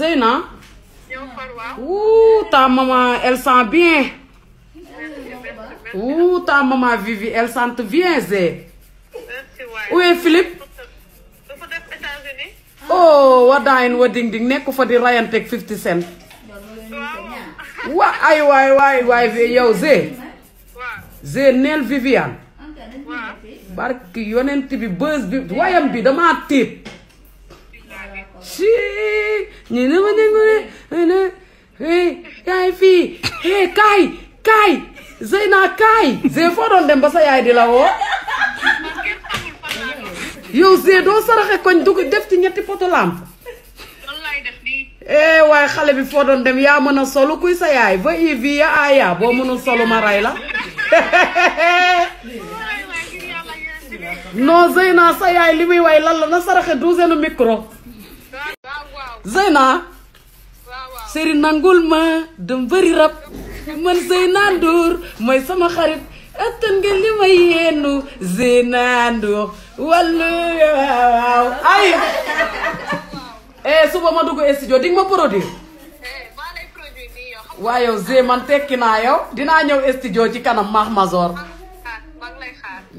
Zeyna. Ouh, ta maman, elle sent bien. Ouh, ta maman Vivi, elle sent bien, Zé. Oui, Philippe? Oh, in wedding ding for fa di take 50 cent. wa ay waay waay waay yow Zé. Zé Vivian. Viviane. barki yonent bi buzz, bi wayam bi dama tip? si ñu ne ma déglu hey yaay fii hey kaay kaay Zeyna kaay Zey foo dem ba sa yaay di la woo yow Zey doo saraxe koñ dugg def ci ñetti poto lampe eh waaye xale bi foo doon dem yaa mën a solu kuy sa yaay va i vi ya aya boo mënul solu ma rey la non Zeyna sa yaay li muy way lan la na saraxe douzaine micro Zena ma dem dëmbëri rap? man Zaina dur mai sama xarit atan nga li ma yéenu Zeyna Ndour wàllu waaw ay eh suba ma dugu studio di ma produire Wayo yow Zé man tekki naa yow dinaa ñëw studio ci kanam mah Mazor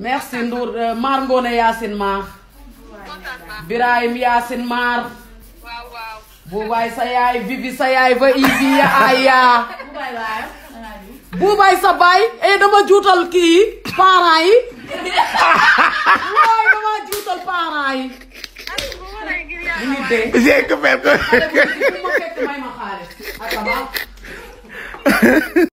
merci Ndour eh, Mar Ngone Yassine Mar Birahim Yassine Mar Bubai sayai, vivi sayai, va ibi aya. Bubai lá Bubai sabay, eh dama juutal kii parents yi. waaw dama juutal parents yi. ñu ngi dee. j'ai que faire.